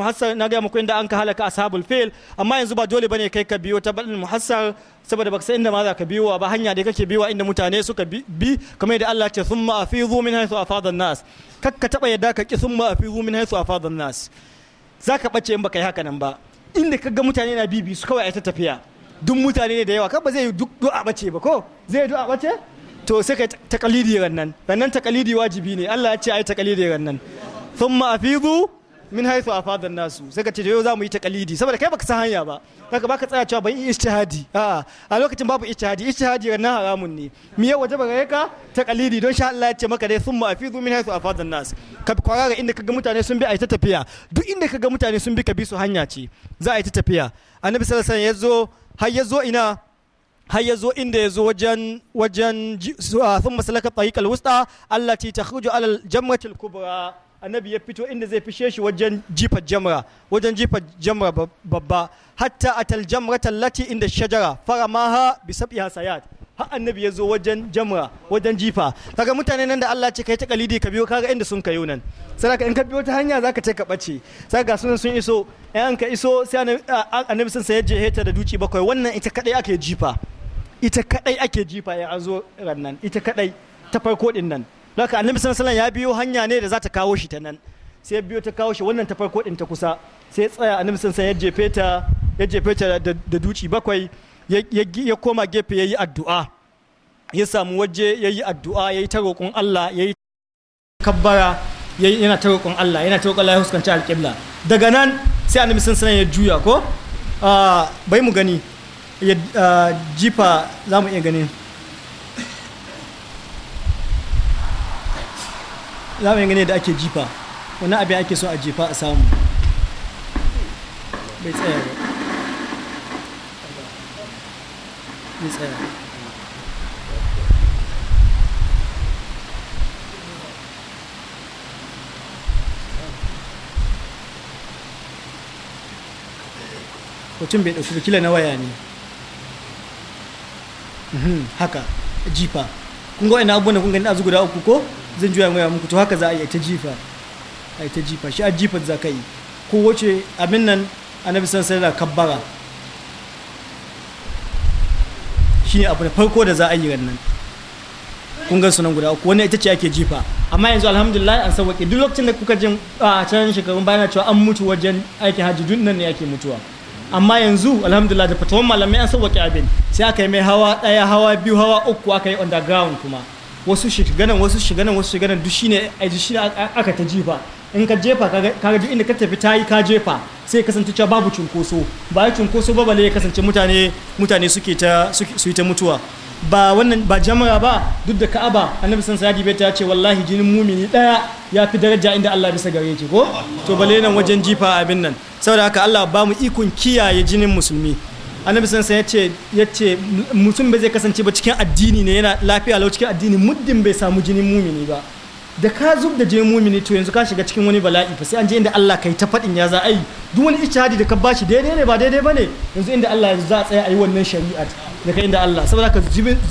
muhassar na gaya muku inda an ka halaka ashabul fil amma yanzu ba dole bane kai ka biyo ta badal muhassar saboda baka san inda ma za ka biyo ba hanya da kake biyo inda mutane suka bi kamar yadda Allah ce thumma afidhu min haythu afadan nas kakka taba yadda ka ki thumma afidhu min haythu afadan nas zaka bace in baka yi haka nan ba inda ka ga mutane na bibi su kawai ai ta tafiya duk mutane ne da yawa kan ba zai yi duk du'a bace ba ko zai du'a bace to sai ka takalidi rannan rannan takalidi wajibi ne Allah ya ce ai takalidi rannan thumma afidhu min a fadar nasu sai ka ce yau za mu yi taqalidi saboda kai baka san hanya ba haka baka tsaya cewa ban yi ijtihadi a a lokacin babu ijtihadi ijtihadi na haramun ne mi ya waje bare ka taqalidi don sha Allah ya ce maka dai summa afidu min a fadar nasu ka kwarara inda kaga mutane sun bi a ta tafiya duk inda kaga mutane sun bi ka bi su hanya ce za a yi ta tafiya annabi sallallahu alaihi wasallam ya zo har ya zo ina har ya zo inda yazo wajen wajen sun masalaka tsayi kalwusta allati ta alal jamratul kubra annabi ya fito inda zai fishe shi wajen jifa jamra wajen jifa jamra babba hatta atal jamra tallati inda shajara fara maha bi sab'iha sayat har annabi ya zo wajen jamra wajen jifa kaga mutane nan da Allah ce kai ta kalidi ka biyo kaga inda sun kayo nan sai in ka biyo ta hanya zaka ce ka bace sai ga sunan sun iso in ka iso sai annabi sun sayar jeheta da duci bakwai wannan ita kadai ake jifa ita kadai ake jifa ya zo ran nan ita kadai ta farko din nan don haka annabi sallallahu ya biyo hanya ne da za ta kawo shi ta nan sai ya biyo ta kawo shi wannan ta farko din ta kusa sai ya tsaya annabi sallallahu ya jefe ta ya jefe ta da duci bakwai ya koma gefe yayi addu'a ya samu waje yayi addu'a yayi ta roƙon Allah yayi kabbara yana ta roƙon Allah yana ta roƙon Allah ya huskanci alƙibla daga nan sai annabi sallallahu ya juya ko ah, bai mu gani ah, jifa za mu iya ganin za mu yi gane da ake jifa wani abin ake so a jifa a samu bai tsaya ba bai tsaya mutum bai ɗauki kila na waya ne mhm, haka jifa kun ga wani abubuwan da kun gani a zuguda uku ko zan juya gaya muku to haka za a yi ta jifa a yi ta jifa shi a jifa za ka yi ko wace abin nan annabi san sai da kabbara shi ne abu da farko da za a yi rannan kun gan sunan guda uku wani ita ce ake jifa amma yanzu alhamdulillah an sauwaƙe duk lokacin da kuka jin a can shekarun bayan cewa an mutu wajen aikin hajji duk nan ne ake mutuwa amma yanzu alhamdulillah da fatawan malamai an sauwaƙe abin sai aka yi mai hawa ɗaya hawa biyu hawa uku aka yi underground kuma wasu shiganan wasu shiganan wasu shiganan duk shine a shi aka ta jifa in ka jefa kaga duk inda ka tafi ta yi ka jefa sai kasance cewa babu cunkoso ba ya cunkoso ba bale ya kasance mutane mutane ta su yi ta mutuwa ba wannan ba jama'a ba duk da ka'aba annabi san sadi bai ta ce wallahi jinin mumini daya ya fi daraja inda Allah bisa gare ki ko to bale nan wajen jifa abin nan saboda haka Allah ba mu ikon kiyaye jinin musulmi annabi sun ya ya ce mutum bai zai kasance ba cikin addini ne yana lafiya lau cikin addini muddin bai samu jinin mumini ba da ka zub da jinin mumini to yanzu ka shiga cikin wani bala'i fa sai an je inda Allah kai ta fadin ya za a yi duk wani ijtihadi da ka bashi daidai ne ba daidai ne yanzu inda Allah yanzu za a tsaya a yi wannan shari'a da kai inda Allah saboda ka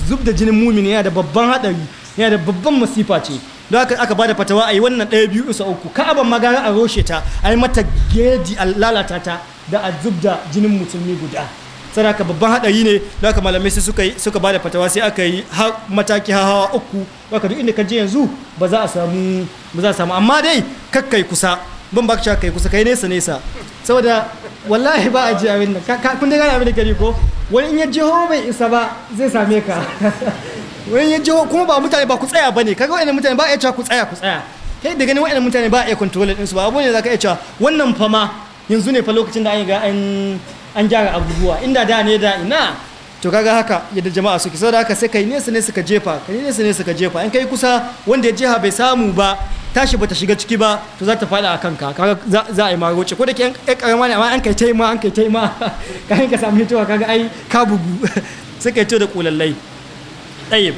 zub da jinin mumini yana da babban hadari yana da babban masifa ce don haka aka bada fatawa a yi wannan ɗaya biyu isa uku ka'aban magana a roshe ta a yi mata gedi a lalata ta da a zub da jinin musulmi guda sai haka babban haɗari ne da aka malamai sai suka suka bada fatawa sai aka yi mataki hawa uku haka duk inda ka je yanzu ba za a samu ba za a samu amma dai kakkai kusa ban baka cewa kai kusa kai nesa nesa saboda wallahi ba a ji abin nan kun dai gane abin da gari ko wani in ya ho bai isa ba zai same ka wani ya je kuma ba mutane ba ku tsaya bane kaga wani mutane ba a cewa ku tsaya ku tsaya kai da ganin wani mutane ba a iya control din su ba abu ne ka iya cewa wannan fama yanzu ne fa lokacin da an yi ga an an gyara abubuwa inda da ne da ina to kaga haka yadda jama'a suke sau da haka sai kai nesa ne suka jefa kai nesa ne suka jefa in kai kusa wanda ya jeha bai samu ba tashi bata shiga ciki ba to za ta faɗa a kanka kaga za a yi mara wuce ko da ke yan karama ne amma an kai taima an kai taima kayan ka samu hitowa kaga ai ka bugu sai kai to da kulallai ɗayib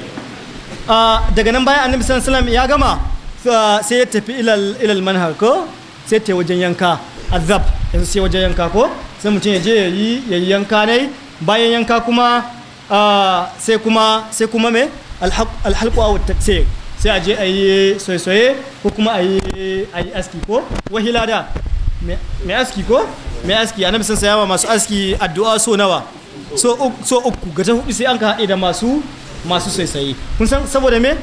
daga nan bayan annabi sallallahu alaihi ya gama sai ya tafi ilal manhar ko sai ta yi wajen yanka azab yanzu sai wajen yanka ko sai mutum ya je ya yi yanka ne bayan yanka kuma sai kuma sai kuma me alhalkuwa aw taksir sai a je a yi soye-soye ko kuma a yi aski ko wahila da mai aski ko mai aski annabi sun sayawa masu aski addu'a so nawa so uku ga hudu sai an ka haɗe da masu masu soye-soye kun san saboda me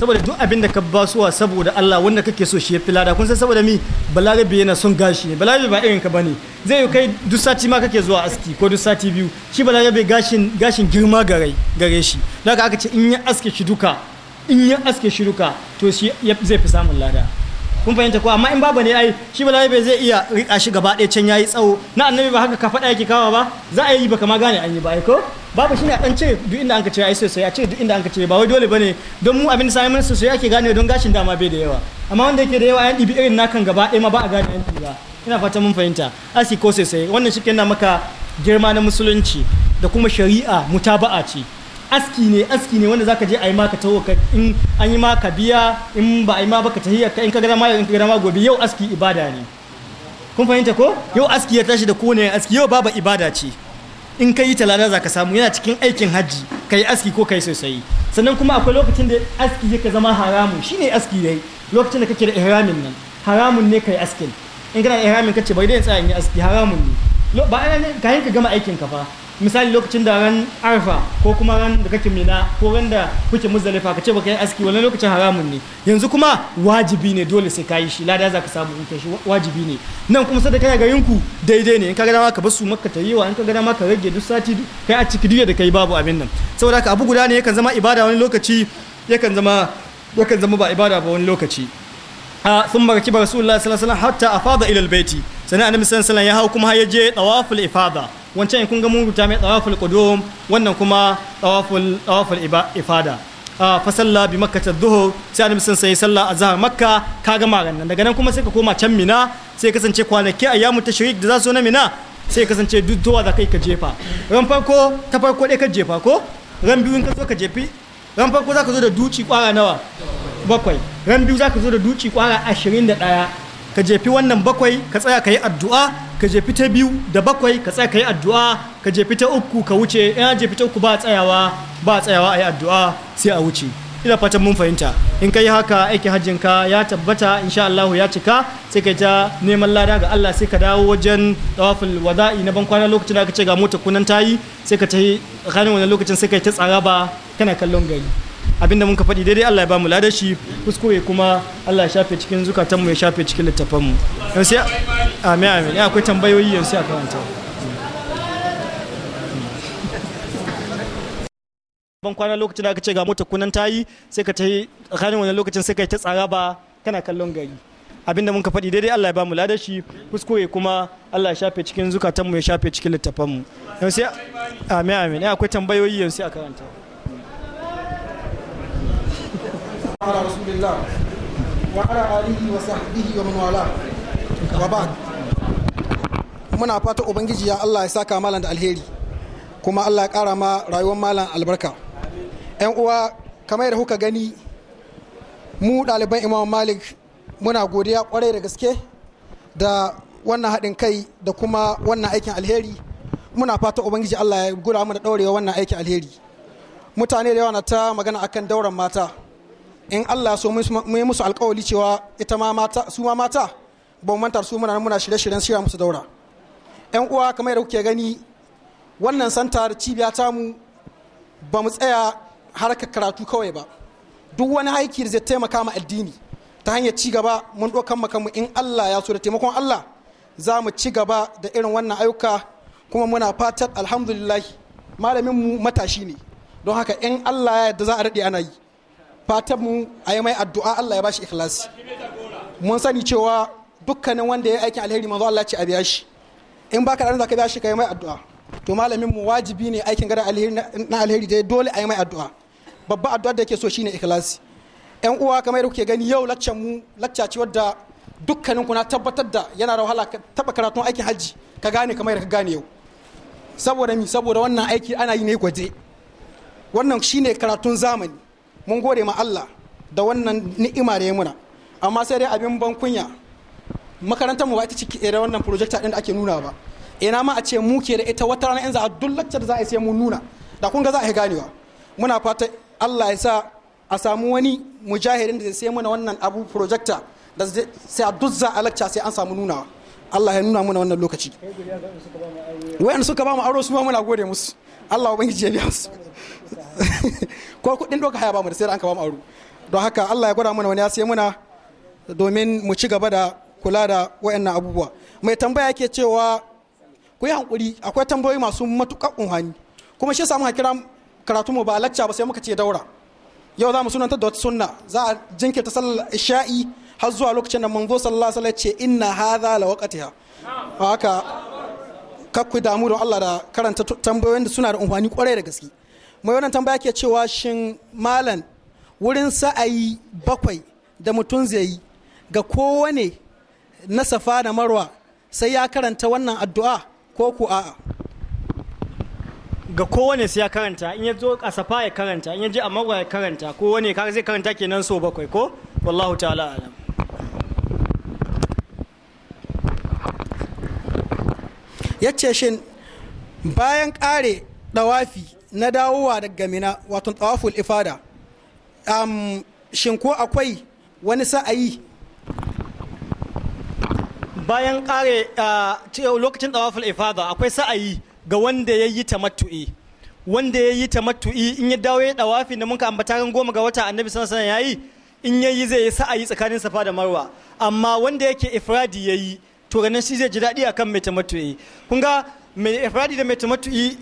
saboda duk abin da ka basuwa saboda Allah wanda kake so shi ya fi lada kun san saboda mi balarabe yana son gashi ne ba irin ka bane zai yi kai duk sati ma kake zuwa aski ko duk sati biyu shi balarabe gashin gashin girma gare gare shi don haka aka ce in ya aske shi duka in ya aske shi duka to shi zai fi samun lada kun fahimta ko amma in babu ne ai shi bai zai iya rika shi gaba ɗaya can yayi tsawo na annabi ba haka ka faɗa yake kawa ba za a yi baka ma gane an yi ba ai ko babu shine a dan ce duk inda anka ce ai sosai a ce duk inda anka ce ba wai dole bane don mu abin sai mun sosai ake gane don gashin dama bai da yawa amma wanda yake da yawa yan dibi irin nakan gaba ɗaya ma ba a gane yan ba ina fata mun fahimta asi ko sosai wannan shi kenan maka girma na musulunci da kuma shari'a mutaba'a ce aski ne aski ne wanda zaka je a yi maka taho ka in an yi maka biya in ba a yi ma baka tahiyar ka in ka gada ma in ka gada ma gobe yau aski ibada ne kun fahimta ko yau aski ya tashi da kowane aski yau babu ibada ce in ka yi talada zaka samu yana cikin aikin hajji ka yi aski ko ka yi sosai sannan kuma akwai lokacin da aski yake zama haramun shine aski dai lokacin da kake da ihramin nan haramun ne ka yi askin in kana ihramin kace bai dai tsaya in yi aski haramun ne ba ana ne ka gama aikin ka fa misali lokacin da ran arfa ko kuma ran da kake mina ko ran da kuke muzdalifa ka ce baka yi aski wannan lokacin haramun ne yanzu kuma wajibi ne dole sai ka yi shi lada za ka samu in kai shi wajibi ne nan kuma sadaka kana garin ku daidai ne in ka ga dama ka basu makka ta yiwa in ka ga dama ka rage duk sati kai a ciki duk da kai babu abin nan saboda ka abu guda ne yakan zama ibada wani lokaci yakan zama yakan zama ba ibada ba wani lokaci sun baraki ba rasulullahi sallallahu alaihi wasallam hatta afada ila albayti sanan annabi sallallahu alaihi wasallam ya hau kuma har ya je tawaful ifada wancan kun ga mun rubuta mai tawaful qudum wannan kuma tsawaful ifada ah, fa fasalla bi makka ta dhuhr sai annabi sun sai salla zahar makka ka gama ran daga nan kuma sai ka koma can mina sai kasance kwanaki ta shirik da za su na mina sai kasance duk zuwa za kai ka jefa ran farko ta farko dai ka jefa ko ran biyu ka zo ka jefi ran farko za ka zo da duci kwara nawa bakwai ran biyu za ka zo da duci kwara ashirin da ɗaya ka jefi wannan bakwai ka tsaya ka yi addu'a ka jefi ta biyu da bakwai ka tsaya ka yi addu'a ka jefi ta uku ka wuce ina jefi ta uku ba tsayawa ba tsayawa a yi addu'a sai a wuce ina fatan mun fahimta in ka yi haka aikin hajjin ka ya tabbata insha Allah ya cika sai ka ta neman lada ga Allah sai ka dawo wajen tawaful wada'i na bankwana lokacin da aka ce ga mota kunan tayi sai ka ta yi ranar wannan lokacin sai ka ta tsaraba kana kallon gari abinda muka faɗi daidai Allah ya bamu ladashi kuskure kuma Allah ya shafe cikin zukatanmu ya shafe cikin littafanmu yanzu amin amin ya eh, akwai tambayoyi yanzu a karanta ban kwana lokacin da aka ce ga mota kunan tayi sai ka tayi tsakanin wani lokacin sai ka yi ta tsara ba kana kallon gari abinda muka faɗi daidai Allah ya bamu ladashi kuskure kuma Allah ya shafe cikin zukatanmu ya shafe cikin littafanmu yanzu amin amin ya eh, akwai tambayoyi yanzu a karanta على رسول الله وعلى آله وصحبه ومن والاه وبعد muna fata ubangiji ya Allah ya saka malam da alheri kuma Allah ya kara ma rayuwar malam albarka yan uwa kamar da kuka gani mu ɗaliban imam malik muna godiya kwarai da gaske da wannan haɗin kai da kuma wannan aikin alheri muna fata ubangiji Allah ya gura mu da ɗaurewa wannan aikin alheri mutane da yawa na ta magana akan dauran mata in Allah so mu yi musu alkawali cewa ita ma mata su ma mata ba mantar su muna muna shirye-shiryen shirya musu daura yan uwa kamar yadda kuke gani wannan santar cibiya ta mu ba mu tsaya harkar karatu kawai ba duk wani aiki da zai taimaka ma addini ta hanyar ci gaba mun ɗaukan mu in Allah ya so da taimakon Allah za mu ci gaba da irin wannan ayyuka kuma muna fatan alhamdulillah malamin mu matashi ne don haka in Allah ya yarda za a daɗe ana yi fatan mu a yi mai addu'a Allah ya bashi ikhlasi mun sani cewa dukkanin wanda ya aikin alheri manzo Allah ce a biya shi in baka da zaka biya shi kai mai addu'a to malamin mu wajibi ne aikin gada alheri na alheri dai dole a yi mai addu'a babba addu'a da yake so shine ikhlasi yan uwa kamar da kuke gani yau laccan mu lacca ce wadda dukkanin ku na tabbatar da yana da wahala taba karatun aikin hajji ka gane kamar da ka gane yau saboda mi saboda wannan aiki ana yi ne gwaje wannan shine karatun zamani mun gode ma Allah da wannan ni'ima da ya muna amma sai dai abin ban kunya makarantar mu ba ita ciki da wannan projector din da ake nuna ba ina ma a ce mu ke da ita wata rana in za a duk da za a yi sai mu nuna da kun ga za a yi ganewa muna fata Allah ya sa a samu wani mujahidin da zai sai mana wannan abu projector da sai a dukkan sai an samu nunawa Allah ya nuna muna wannan lokaci wayan suka ba mu aro su ma muna gode musu Allah ya ya biya su ko kudin doka haya ba mu da sai an ka ba mu aro don haka Allah ya gwada mana wani ya sai muna domin mu ci gaba da kula da wayannan abubuwa mai tambaya yake cewa ku yi hankuri akwai tambayoyi masu matukar unhani kuma shi samu hakira karatu mu ba lacca ba sai muka ce daura yau za mu sunanta da wata sunna za a jinkirta sallar isha'i har zuwa lokacin da manzo sallallahu alaihi ce inna hadha la waqtiha haka kakku damu don Allah da karanta tambayoyin da suna da umfani kwarai da gaske mai wannan tambaya ke cewa shin malam wurin sa'ayi bakwai da mutum zai yi ga kowane na safa da marwa sai ya karanta wannan addu'a ko ku a'a ga kowane sai ya karanta in ya zo a safa ya karanta in ya je a marwa ya karanta kowane zai karanta kenan so bakwai ko wallahu ta'ala alam ya ce shin bayan kare dawafi na dawowa daga mina wato ɗawaful ifada um, shin ko akwai wani sa'ayi bayan ƙare lokacin ɗawaful ifada akwai sa'ayi ga wanda ya yi tamattu'i wanda ya yi tamattu'i in ya dawo ya na da muka ambata ran goma ga wata annabi sallallahu ya yi in yayi zai yi sa'ayi tsakanin safa da marwa amma wanda yake ifradi yayi to ganin shi zai ji daɗi akan mai tamattu'i kun ga mai ifradi da mai tamattu'i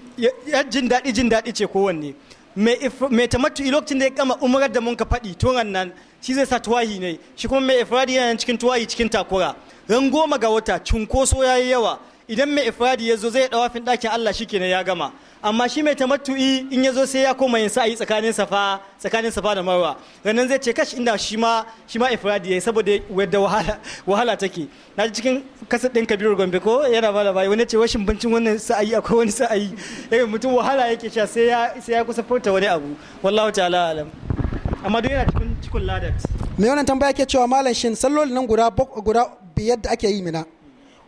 ya jin daɗi jin daɗi ce kowanne mai tamatu'i lokacin da ya kama umarar da mun ka faɗi turan nan shi zai sa tuwahi ne shi kuma mai ifradi yana cikin tuwahi cikin takura ran goma ga wata cunkoso ya yi yawa idan mai ifradi ya zo zai fin ɗakin Allah shikenan ya gama amma shi mai tamattu'i in ya zo sai ya koma yin sa'ayi tsakanin safa tsakanin safa da marwa ganin zai ce kash inda shi ma shi ma ifradi yayi saboda wadda wahala wahala take na cikin kasa ɗin kabiru gombe ko yana bala bai wani ce washin bincin wannan sa'ayi akwai wani sa'ayi eh mutum wahala yake sha sai ya sai ya kusa furta wani abu wallahu ta'ala alam amma duk yana cikin cikin ladat me wannan tambaya ke cewa malam shin sallolin nan guda guda biyar da ake yi mina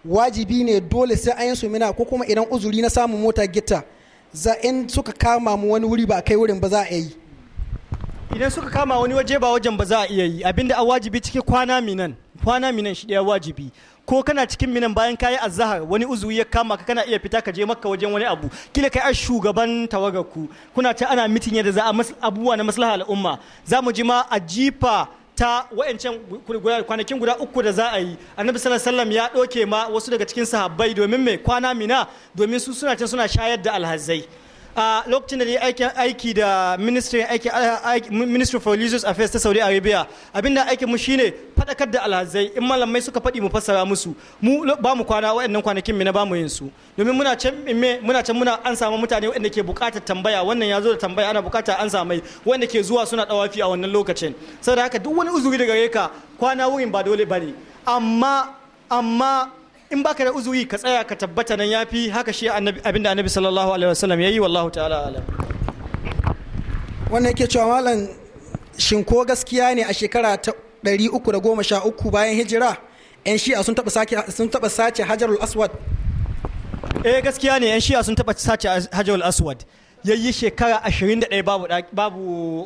wajibi ne dole sai an yi su mina ko kuma idan uzuri na samun mota gita za in suka kama mu wani wuri ba kai wurin ba za a yi idan suka kama wani waje ba wajen ba za a iya yi abinda a wajibi cikin kwana minan kwana minan shi ɗaya wajibi ko kana cikin minan bayan kayi azahar wani uzuri ya kama ka kana iya fita ka je makka wajen wani abu kila kai a shugaban tawagarku kuna ta ana mitin yadda za a abubuwa na maslaha al'umma za mu ji ma a jifa ta wa'ancan kwanakin guda uku da za a yi annabi sallallahu alaihi ya ɗauke ma wasu daga cikin sahabbai domin mai kwana mina domin su suna can suna shayar da alhazai a lokacin da ne aikin aiki da ministry aiki ministry for religious affairs ta saudi arabia abinda aikin mu shine fadakar da alhazai in malamai suka faɗi mu fassara musu mu ba mu kwana waɗannan kwanakin na ba mu yin su domin muna can muna can muna an samu mutane waɗanda ke buƙatar tambaya wannan ya zo da tambaya ana buƙatar an samai waɗanda ke zuwa suna dawafi a wannan lokacin saboda haka duk wani uzuri daga gare ka kwana wurin ba dole bane amma amma in baka da uzuri ka tsaya ka tabbata nan yafi haka shi abin da annabi sallallahu alaihi wasallam yayi wallahu ta'ala alam wannan yake cewa malam shin ko gaskiya ne a shekara ta 313 bayan hijira yan shi'a sun taba sake sun taba sace hajarul aswad eh gaskiya ne yan shi'a sun taba sace hajarul aswad yayi shekara 21 babu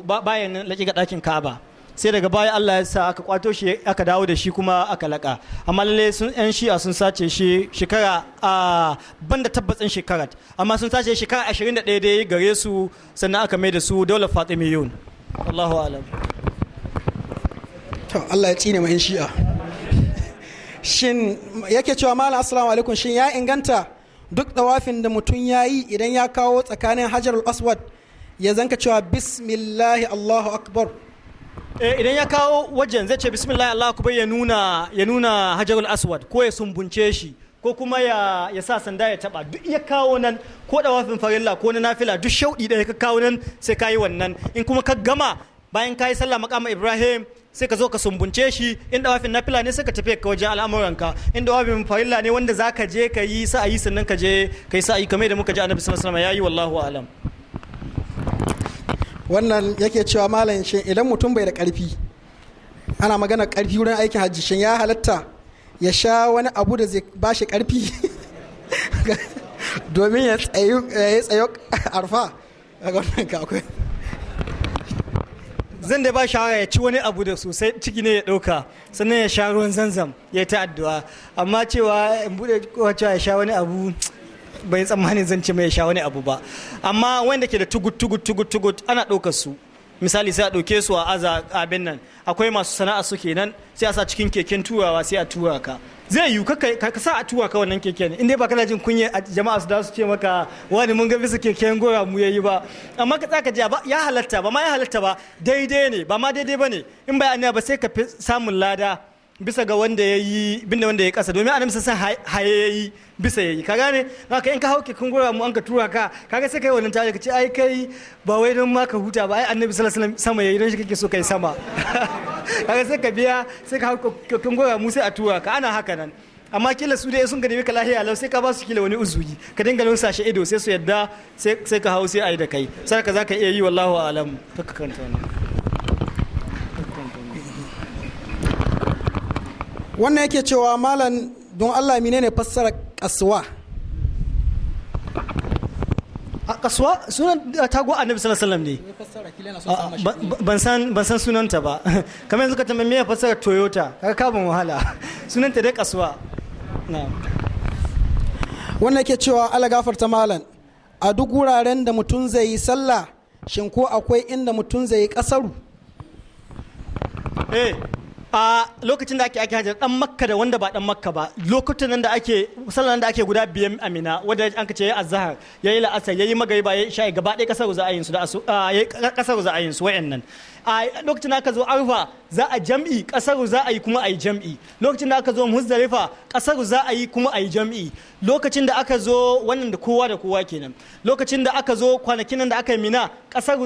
babu bayan laƙi ga ɗakin Ka'aba sai daga baya Allah ya sa aka kwato shi aka dawo da shi kuma aka laka amma lalle sun yan shi'a sun sace shi shekara a banda tabbacin shekara amma sun sace shekara 21 dai gare su sannan aka mai da su daular fatimiyun Allahu alam to Allah ya tsine ma yan shi'a shin yake cewa malam assalamu alaikum shin ya inganta duk dawafin da mutum ya yi idan ya kawo tsakanin hajar aswad ya zanka cewa bismillahi allahu akbar Eh, idan ya kawo wajen zai ce bismillah Allah ku ya nuna ya nuna hajarul aswad ko ya sumbunce shi ko kuma ya, sa sanda ya taba duk ya kawo nan ko da wafin farilla ko na nafila duk shauɗi da ka kawo nan sai yi wannan in kuma ka gama bayan yi sallah makama ibrahim sai ka zo ka sumbunce shi inda wafin nafila ne sai ka tafi ka wajen al'amuranka inda wafin farilla ne wanda zaka je ka yi sa'ayi sannan ka je ka yi sa'ayi kamar da muka ji annabi sallallahu alaihi wasallam yayi wallahu a'lam wannan yake cewa malam shin idan mutum bai da karfi ana magana karfi wurin aikin hajji shin ya halatta ya sha wani abu da zai ba shi karfi domin ya tsayo arfa zan da ba shawara ya ci wani abu da sosai ciki ne ya dauka sannan ya sha ruwan zanzam ya ta addu'a amma cewa in bude cewa ya sha wani abu bai tsammanin zan ce mai sha wani abu ba amma wanda ke da tugut tugut tugut tugut ana ɗaukar su misali sai a ɗauke su a aza abin nan akwai masu sana'a su nan sai a sa cikin keken turawa sai a tura ka zai yiwu ka sa a tura ka wannan keken in dai ba kana jin kunya jama'a su da su ce maka wani mun ga bisa keken gora mu yayi ba amma ka tsaka ji ya halatta ba ma ya halatta ba daidai ne ba ma daidai ba ne in bai ba sai ka fi samun lada bisa ga wanda ya yi binne wanda ya kasa domin annabi sun haye ya yi bisa ya yi ka gane ka in ka hauke kun gura mu an ka tura ka ga sai kai wannan tare ka ce ai kai ba wai don ma ka huta ba ai annabi sallallahu alaihi wasallam sama yayi don shi kake so kai sama ga sai ka biya sai ka hauke kun gura mu sai a tura ka ana haka nan amma kila su dai sun gani ka lahiya lau sai ka ba su kila wani uzuri ka dinga lunsa shi ido sai su yadda sai ka hau sai ai da kai sai ka za ka iya yi wallahu alam ka kanta wannan wannan yake cewa malam don allah mine ne fassara kasuwa a kasuwa sunan tago annabi sallallahu alaihi wasallam ne ban san ban san sunanta ba kamar yanzu ka tambaye me fassara toyota kaga ka ban wahala sunanta dai kasuwa wannan yake cewa ala gafarta malam a duk wuraren da mutum zai yi sallah shin ko akwai inda mutum zai yi kasaru eh a lokacin da ake ake hajjar dan makka da wanda ba dan makka ba lokacin da ake sallan da ake guda biyan amina wanda an ka ce yayi azhar yayi la'asar yayi magariba yayi isha gaba ɗaya kasar za a yin su da kasar za a yin su wayannan a lokacin da aka zo arfa za a jam'i kasar za a yi kuma a jam'i lokacin da aka zo muzdalifa kasar za a yi kuma ayi jam'i lokacin da aka zo wannan da kowa da kowa kenan lokacin da aka zo kwanakin nan da aka yi mina kasar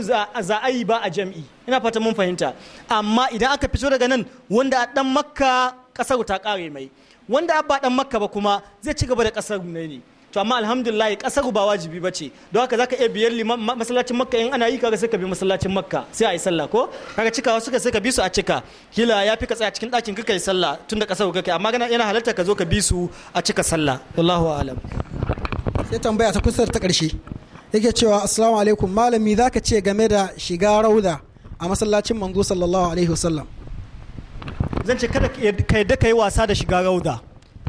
yi ba a jam'i ina fata mun fahimta amma idan aka fito daga nan wanda a dan makka kasar ta kare mai wanda ba dan makka ba kuma zai ci gaba da kasar ne to amma alhamdulillah kasar ba wajibi ba ce don haka zaka iya biyar liman masallacin makka in ana yi kaga sai ka bi masallacin makka sai a yi sallah ko kaga cikawa suka sai ka bi su a cika kila ya fi ka tsaya cikin ɗakin ka yi sallah tun da kasar kake amma yana halarta ka zo ka bi su a cika sallah wallahu alam sai tambaya ta kusa ta ƙarshe yake cewa assalamu alaikum malami zaka ce game da shiga rauda a masallacin manzo sallallahu alaihi wasallam zan ce kada ka yadda ka yi wasa da shiga rauda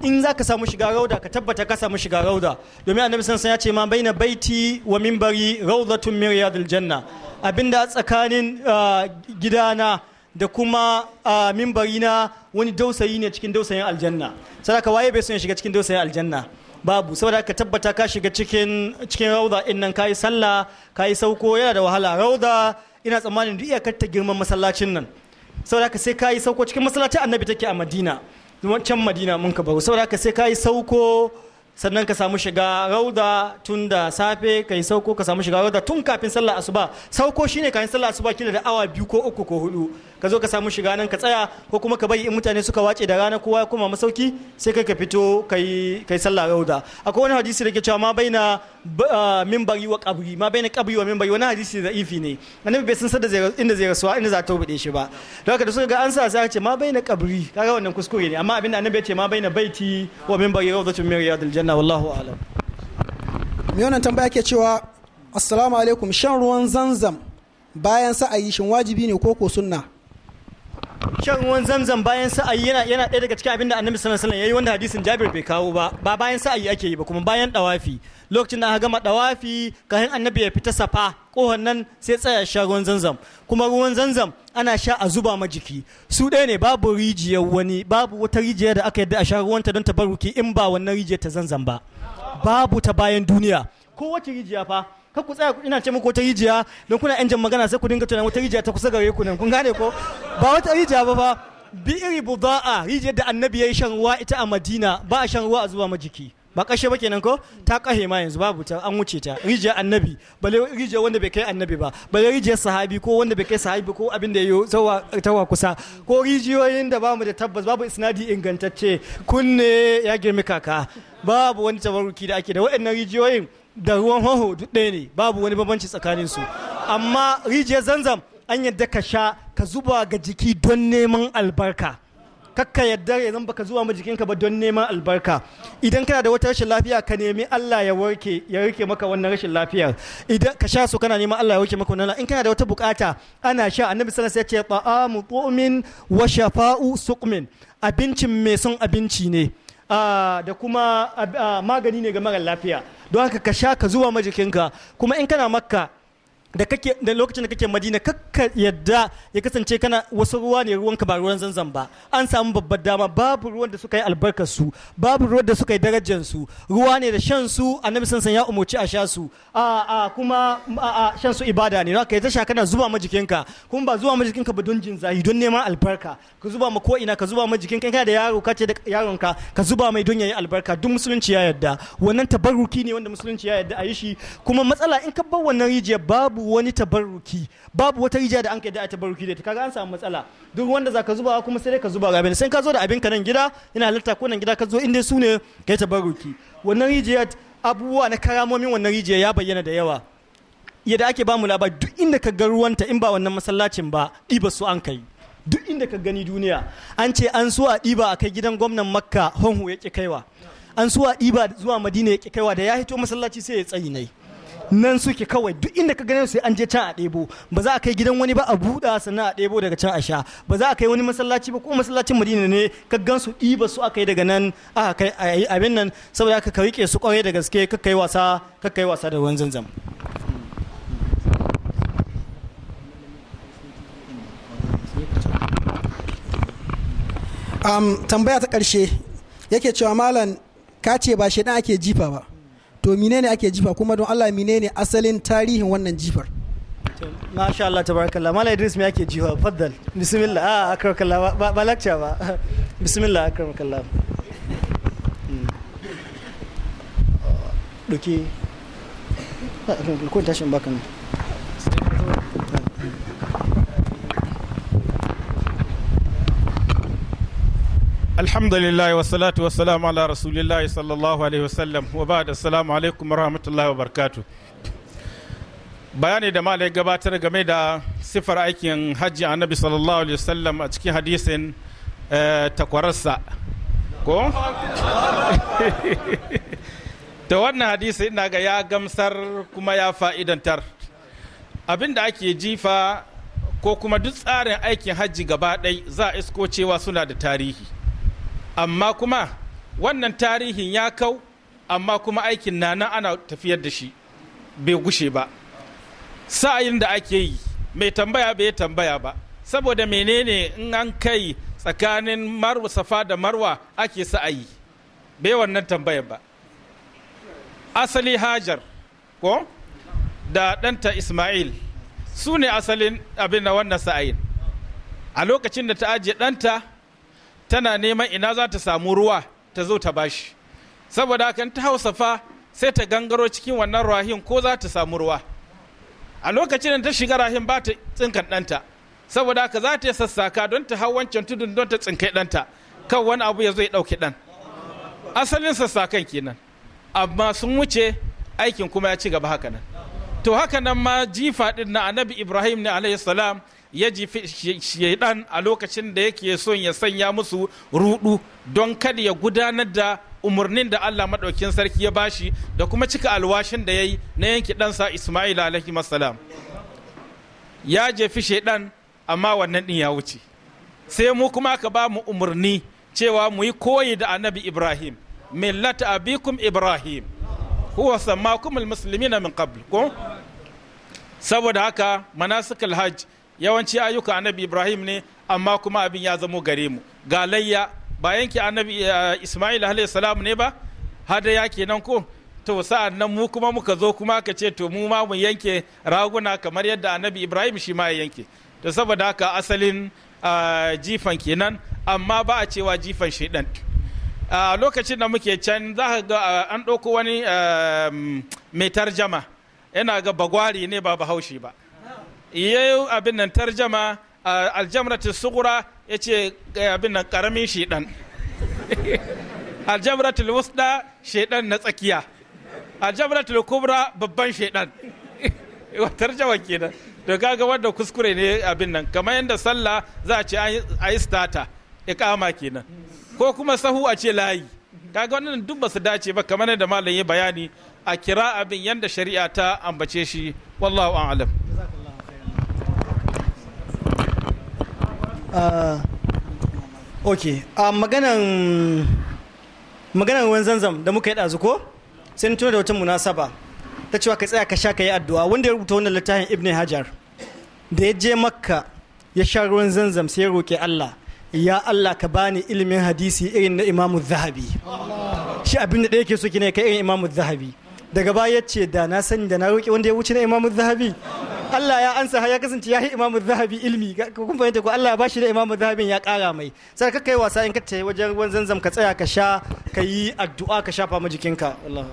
in za ka samu shiga rauda ka tabbata ka samu shiga rauda domin annabi sansan ya ce ma baina baiti wa minbari raudatun min aljanna janna abinda tsakanin ah, gidana da kuma ah, minbari na wani dausayi ne cikin dausayin aljanna sadaka waye bai son shiga cikin dausayin aljanna babu saboda ka tabbata ka shiga cikin cikin rauda in nan kayi sallah kayi sauko yana da wahala rauda ina tsammanin duk iyakar ta girman masallacin nan saboda ka sai kai sauko cikin masallacin annabi take a madina wancan madina mun ka bago saboda haka sai ka yi sauko sannan ka samu shiga rauda tun da safe ka yi sauko ka samu shiga rauda tun kafin sallah asuba sauko shine kafin sallah asuba kila da awa biyu ko uku ko hudu ka zo ka samu shiga nan ka tsaya ko kuma ka bari in mutane suka wace da rana kowa ya koma masauki sai kai ka fito kai kai sallah rauda akwai wani hadisi da ke cewa ma baina ah, minbari wa kabri ma baina kabri wa minbari wani hadisi da ifi ne annabi bai san sada inda zai rasuwa inda za ta bude shi ba don haka da suka ga an sa sai ce ma baina kabri kaga wannan kuskure ne amma abinda annabi ya ce ma baina baiti wa minbari tun min riyadil aljanna wallahu alam mai wannan tambaya ke cewa assalamu alaikum shan ruwan zanzam bayan sa'ayi shin wajibi ne ko ko sunna shan ruwan zamzam bayan sa'ayi yana yana ɗaya daga cikin abin da annabi sallallahu alaihi yayi wanda hadisin Jabir bai kawo ba ba bayan sa'ayi ake yi ba kuma bayan dawafi lokacin da aka gama dawafi kafin annabi ya fita safa kohon nan sai tsaya sha ruwan zanzan kuma ruwan zamzam ana sha a zuba ma jiki su ɗaya ne babu rijiyar wani babu wata rijiyar da aka yadda a sha ruwanta don tabarruki in ba wannan rijiyar ta zamzam ba babu ta bayan duniya kowace rijiya fa kar ku tsaya ina ce muku wata rijiya don kuna yan jan magana sai ku dinga tunanin wata rijiya ta kusa gare ku nan kun gane ko ba wata rijiya ba bi iri buda'a rijiyar da annabi ya yi shan ruwa ita a madina ba a shan ruwa a zuba majiki ba kashe ba kenan ko ta kahe ma yanzu babu ta an wuce ta rijiyar annabi bale rijiyar wanda bai kai annabi ba bale rijiyar sahabi ko wanda bai kai sahabi ko abin da yayi tawa kusa ko rijiyoyin da bamu da tabbas babu isnadi ingantacce kunne ya girmi kaka babu wani tabaruki da ake da waɗannan rijiyoyin da ruwan hoho duk ɗaya ne babu wani bambanci tsakanin su amma rijiyar zanzam an yadda ka sha ka zuba ga jiki don neman albarka kakka yadda ya zan ka zuwa majikinka jikinka ba don neman albarka idan kana da wata rashin lafiya ka nemi Allah ya warke ya rike maka wannan rashin lafiyar idan ka sha su kana neman Allah ya warke maka wannan in kana da wata bukata ana sha annabi sallallahu alaihi wasallam ya ce ta'amu tu'min wa shafa'u suqmin abincin mai son abinci ne Ah, da kuma ah, ah, magani ne ga mara lafiya don haka ka sha ka zuba ma jikinka kuma in kana makka da kake da lokacin da kake madina kakka yadda ya kasance kana wasu ruwa ne ruwanka ba ruwan zanzan ba an samu babbar dama babu ruwan da suka yi albarkar su babu ruwan da suka yi darajar su ruwa ne da shan su annabi sansan ya umarci a sha su a a kuma a a shan su ibada ne haka ta kana zuba ma jikinka kuma ba zuba ma jikinka ba don jin zahi don neman albarka ka zuba ma ko ina ka zuba ma jikin ka kana da yaro ka ce da yaronka ka zuba mai don yayi albarka duk musulunci ya yarda wannan tabarruki ne wanda musulunci ya yarda a yi shi kuma matsala in ka bar wannan rijiyar babu babu wani tabarruki babu wata rijiya da an kai a tabarruki da ta kaga an samu matsala duk wanda zaka zuba kuma sai ka zuba rabin sai ka zo da abin ka nan gida yana halitta ko nan gida ka zo inda su ne kai tabarruki wannan rijiyar abubuwa na karamomin wannan rijiyar ya bayyana da yawa yadda ake ba mu labari duk inda ka ga ruwanta in ba wannan masallacin ba ɗiba su an kai duk inda ka gani duniya an ce an so a ɗiba a kai gidan gwamnan makka honhu ya ƙi kaiwa an so a ɗiba zuwa madina ya ƙi kaiwa da ya hito masallaci sai ya tsayi nai nan suke kawai duk inda ka gane sai an je can a ɗebo ba za a kai gidan wani ba a buɗa sannan a ɗebo daga can a sha ba za a kai wani masallaci ba ko masallacin madina ne ka gan su ɗiba su aka yi daga nan aka kai abin nan saboda aka rike su kwarai da gaske ka kai wasa ka kai wasa da ruwan zanzam tambaya ta ƙarshe yake cewa malam ka ce ba shi ake jifa ba to menene ake jifa kuma don Allah menene asalin tarihin wannan jifar masha Allah tabarakallah mala Idris me yake jifa faddal bismillah a ah, akrakallah ba lakca ba bismillah akrakallah hmm. oh, Doki ko tashin bakan alhamdulillah wa salam ala rasulillah sallallahu alaihi sallam wa ba'da da assalamu alaikum warahmatullahi wabarakatuh bayani da malai gabatar game da sifar aikin hajji annabi sallallahu alaihi wa sallam a cikin hadisin eh, takwararsa ko ta wannan hadisi ina ga ya gamsar kuma ya fa'idantar abinda ake jifa ko kuma duk tsarin aikin hajji gaba za a isko cewa suna da tarihi amma kuma wannan tarihin ya kau amma kuma aikin na nan ana tafiyar da shi bai gushe ba sa'ayin da ake yi mai tambaya bai tambaya ba saboda menene in an kai tsakanin marwa safa da marwa ake sa'ayi bai wannan tambayar ba asali hajar ko da ɗanta ismail su ne asalin abin da wannan sa'ayin a lokacin da ta ajiye ɗanta tana neman ina za ta samu ruwa ta zo ta bashi saboda haka ta hausafa sai ta gangaro cikin wannan Rahim ko za ta samu ruwa a lokacin da ta shiga Rahim ba ta tsinkan ɗanta saboda haka za ta yi sassaka don ta hau wancan tudun don ta tsinkai ɗanta kan wani abu ya zo ya ɗauki ɗan asalin sassakan kenan amma sun wuce aikin kuma ya ci gaba haka nan to haka nan ma jifa ɗin na annabi ibrahim ne alayhi salam ya ji shaidan a lokacin da yake son ya sanya musu rudu don kada ya gudanar da umarnin da Allah maɗaukin sarki ya bashi da kuma cika alwashin da ya yi na yanki ɗansa Ismail alaihi masalam ya jefi shaidan amma wannan ɗin ya wuce sai mu kuma ka ba mu umarni cewa mu yi koyi da annabi Ibrahim millata abikum Ibrahim huwa sammakum al-muslimina min qabl ko saboda haka manasikal hajj yawanci ayyuka annabi ibrahim ne amma kuma abin ya zamo gare mu ga layya ba yanke annabi eh, isma'il alayhi salam ne ba ya kenan ko to sa'an nan mu kuma muka zo kuma ka ce to mu ma mu yanke raguna kamar yadda annabi ibrahim shi ma ya yanke to saboda haka asalin eh, jifan kenan amma ba a cewa jifan shaidan a lokacin da muke can za ka ga eh, an ɗauko wani mai tarjama yana ga bagwari ne ba bahaushe ba yi abin nan tarjama a aljamratu ya ce eh, abin nan karamin shedan aljamratul wusta shidan na tsakiya aljamratul kubra babban wa tarjama kenan da gaga wanda kuskure ne abin nan kamar yadda sallah za a ce a yi stata ikama kenan ko kuma sahu a ce layi kaga wannan duk ba su dace ba kamar yadda malam ya bayani a kira abin yadda shari'a ta ambace shi wallahu a'lam Uh, ok a maganan ruwan zanzam da muka yi ɗazu ko sai tuna da wata munasaba ta cewa ka tsaya ka sha ka yi addu'a wanda ya rubuta wannan littafin ibn hajar da ya je makka ya sha ruwan zanzam sai ya roƙi allah ya allah ka bani ilimin hadisi irin na imamu zahabi shi abin da ɗaya ke so kine ka irin imamu zahabi daga baya ya ce da na sani da na roƙi wanda ya wuce na imamu zahabi Allah ya ansa ya kasance ya yi imamu zahabi ilmi kun fahimta ko Allah ya bashi da imamu zahabin ya kara mai sai ka kai wasa in ka tai wajen ruwan zanzam ka tsaya ka sha ka yi addu'a ka shafa ma jikinka wallahi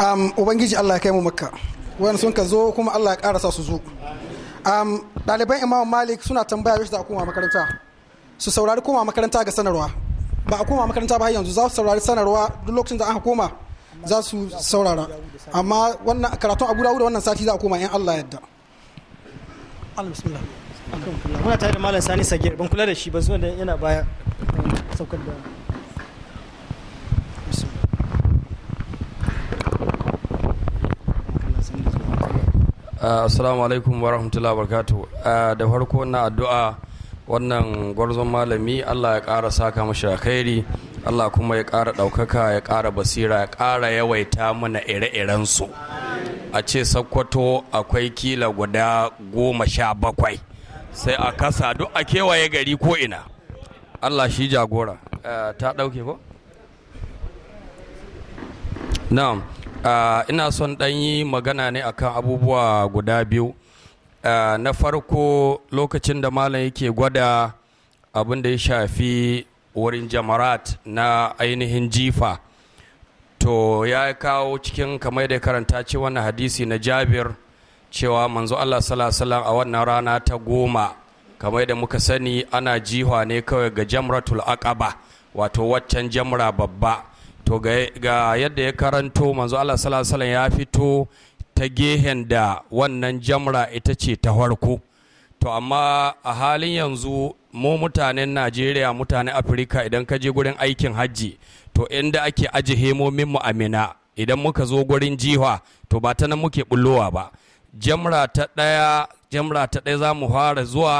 um, ubangiji Allah ya kai mu makka wani sun ka zo kuma Allah ya karasa su zo um, ɗaliban imam malik suna tambaya da za a koma makaranta su saurari koma makaranta ga sanarwa ba a koma makaranta ba yanzu za su saurari sanarwa duk lokacin da aka koma za su saurara amma wannan karatun abu da wannan sati za a koma in Allah yadda Allah muna tare da malam sani sagir ban kula da shi ba zuwa da yana baya saukar da ah, assalamu alaikum wa rahmatullahi wa barakatuh ah, da farko na addu'a wannan gwarzon malami allah ya ƙara saka mashi alkhairi allah kuma ya ƙara ɗaukaka ya ƙara basira ya ƙara yawaita mana ire-irensu a ce sakkwato akwai kila guda goma sha bakwai sai a kasa duk a kewaye gari ko ina allah shi jagora eh, ta ɗauke ko? na'am eh, ina son ɗan yi magana ne akan abubuwa guda biyu Ah, na farko lokacin da malam yake gwada abin da ya shafi wurin jamarat na ainihin jifa to ya kawo cikin kamar da karanta ce wannan hadisi na jabir cewa manzo allah sallallahu a wannan rana ta goma kamar da muka sani ana jiwa ne kawai ga jamratul aqaba wato waccan jamra babba to ga yadda ya karanto manzo Allah sallallahu ya fito ta gehen da wannan jamra ita ce ta farko to amma a halin yanzu mu mutanen najeriya mutanen afirka idan ka je gurin aikin hajji to inda ake aji hemomin mu amina idan muka zo gurin jiha to ba ta nan muke bullowa ba jamra ta ɗaya jamra ta ɗaya za mu fara zuwa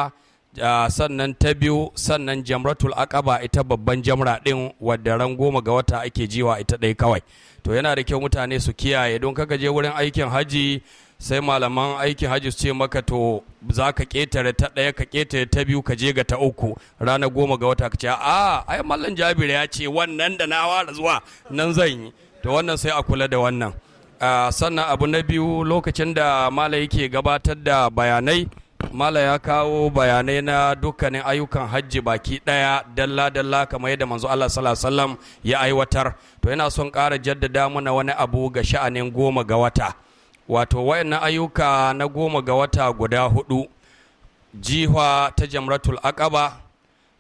sannan ta biyu sannan jamratul akaba ita babban jamra ɗin wadda ran goma ga wata ake jiwa ita ɗaya kawai to yana da kyau mutane su kiyaye don kaka je wurin aikin haji sai malaman aikin haji su ce maka to za ka ƙetare ta ɗaya ka ketare ta biyu ka je ga ta uku ranar goma ga wata ka ce a ai mallan jabir ya ce wannan da na ware zuwa nan zan yi to wannan sai a kula da wannan ah, sannan abu na biyu lokacin da malam yake gabatar da bayanai mala ya kawo bayanai na dukkanin ayyukan hajji baki ɗaya dalla dalla kamar yadda manzo Allah sallallahu alaihi wasallam ya aiwatar to yana son ƙara jaddada mana wani abu ga sha'anin goma ga wata wato wayannan ayyuka na goma ga wata guda hudu jihwa ta jamratul aqaba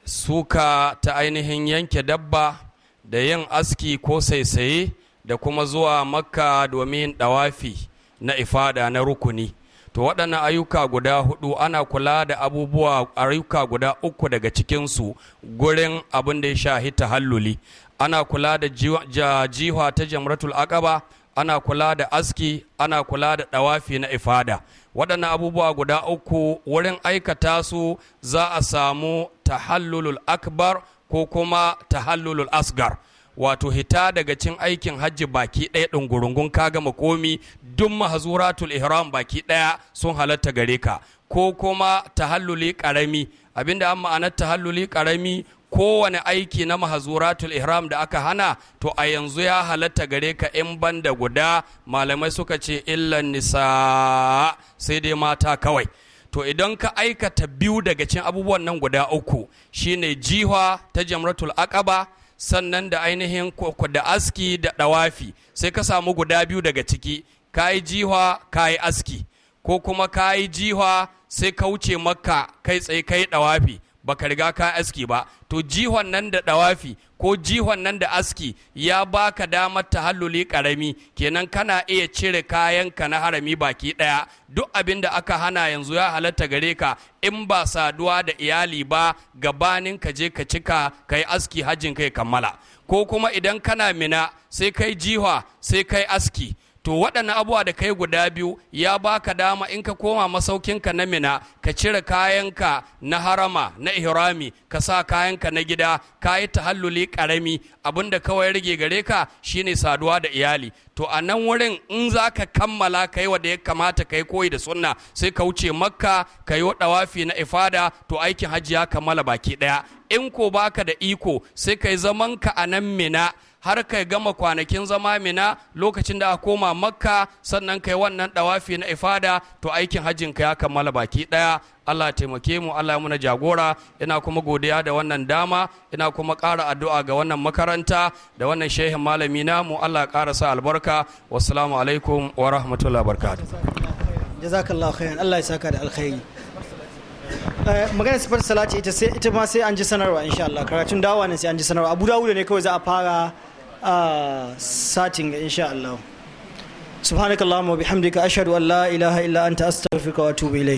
suka ta ainihin yanke dabba da yin aski ko saisaye da kuma zuwa makka domin dawafi na ifada na rukuni to waɗannan ayyuka guda hudu ana kula da abubuwa ayyuka guda uku daga cikinsu gurin abin da ya shahi tahalluli ana kula da jiwa ta jamratul akaba ana kula da aski ana kula da ɗawafi na ifada waɗannan abubuwa guda uku wurin aikata su za a samu tahallulul akbar ko kuma tahallulul asgar wato hita daga cin aikin hajji baki ɗaya ɗungurungun ka gama komi duk mahazuratul ihram baki ɗaya sun halatta gare ka ko kuma tahalluli ƙarami abinda an ma'anar tahalluli ƙarami kowane aiki na mahazuratul ihram da aka hana to a yanzu ya halatta gare ka in ban da guda malamai suka ce illan nisa sai dai mata kawai to idan ka aikata biyu daga cin abubuwan nan guda uku shine jiha ta jamratul aqaba sannan da ainihin da aski da ɗawafi sai ka samu guda biyu daga ciki ka yi jiwa ka yi aski ko kuma ka yi jiwa sai ka wuce maka kai tsaye yi ɗawafi ka riga ka yi aski ba to jihon nan da ɗawafi ko jihon nan da aski ya baka damar tahalluli karami kenan kana iya cire kayan ka na harami baki daya duk abin da aka hana yanzu ya halatta gare ka in ba saduwa da iyali ba gabanin ka je ka cika kai aski hajjin kai kammala ko kuma idan kana mina sai kai jiha sai kai aski to waɗannan abubuwa da kai guda biyu ya baka dama in ka koma masaukinka na mina ka cire kayanka na harama na ihrami ka sa kayanka na gida ka yi tahalluli karami abinda kawai rage gare ka shine saduwa da iyali to a nan wurin in za ka kammala ka yi da ya kamata ka yi koyi da sunna sai ka wuce makka ka yi wafi na ifada to aikin hajji ya kammala baki ɗaya in ko baka da iko sai ka yi ka a nan mina har kai gama kwanakin zama mina lokacin da a koma makka sannan kai wannan dawafi na ifada to aikin hajjin ka ya kammala baki daya Allah taimake mu Allah ya muna jagora ina kuma godiya da wannan dama ina kuma ƙara addu'a ga wannan makaranta da wannan shehin malami mu Allah ya ƙara sa albarka wassalamu alaikum wa rahmatullahi barakatuh jazakallahu khairan Allah ya saka da alkhairi eh, magana sifar salati ita ma sai an ji sanarwa insha Allah karatun dawa ne sai an ji sanarwa Abu Dawud ne kawai za a fara a satin ga insha Allah subhanakallahumma wa bihamdika ashhadu an la ilaha illa anta astaghfiruka wa atubu ilayk